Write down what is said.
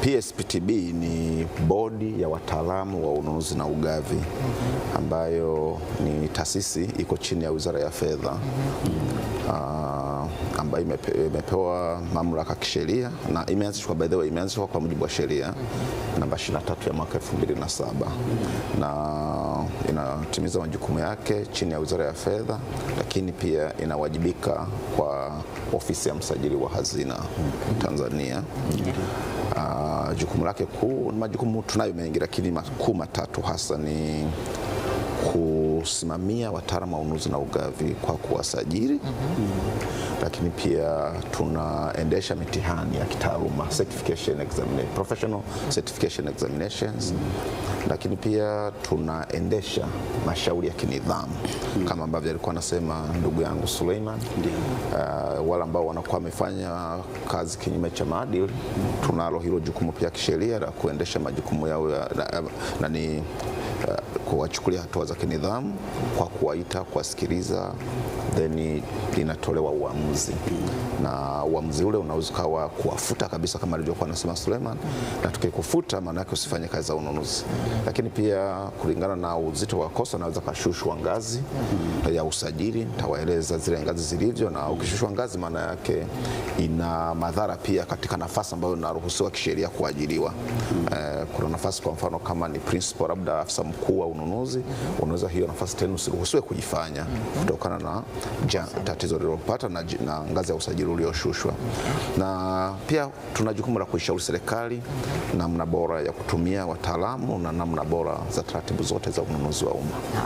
PSPTB ni bodi ya wataalamu wa ununuzi na ugavi mhm. ambayo ni taasisi iko chini ya Wizara ya Fedha uh, ambayo imepewa mamlaka kisheria na imeanzishwa by the way, imeanzishwa kwa mujibu wa sheria mhm. namba 23 ya mwaka 2007 na inatimiza majukumu yake chini ya Wizara ya Fedha, lakini pia inawajibika kwa ofisi ya msajili wa hazina Tanzania. Uh, majukumu jukumu lake kuu, majukumu tunayo mengi, lakini makuu matatu hasa ni kusimamia wataalamu wa ununuzi na ugavi kwa kuwasajili mm -hmm. Lakini pia tunaendesha mitihani ya kitaaluma certification examination, professional certification examinations mm -hmm. Lakini pia tunaendesha mashauri ya kinidhamu mm -hmm. Kama ambavyo alikuwa anasema ndugu yangu Suleiman mm -hmm. uh, Eh, wale ambao wanakuwa wamefanya kazi kinyume cha maadili, tunalo hilo jukumu pia kisheria la kuendesha majukumu yao ya, nani eh, kuwachukulia hatua za kinidhamu kwa kuwaita, kuwasikiliza, then linatolewa uamuzi mm. na uamuzi ule unaweza ukawa kuwafuta kabisa kama alivyokuwa anasema Suleiman mm. na tukikufuta maana yake usifanye kazi za ununuzi mm. lakini pia kulingana na uzito wa kosa naweza kashushwa ngazi mm. ya usajili nitawaeleza zile ngazi zilivyo na ukishushwa ngazi maana yake ina madhara pia katika nafasi ambayo naruhusiwa kisheria kuajiriwa mm. eh, kuna nafasi kwa mfano kama ni principal labda afisa mkuu wa ununuzi unaweza hiyo nafasi tena usiruhusiwe kuifanya kutokana na ja, tatizo lililopata na, na ngazi ya usajili ulioshushwa, na pia tuna jukumu la kuishauri serikali namna bora ya kutumia wataalamu na namna bora za taratibu zote za ununuzi wa umma.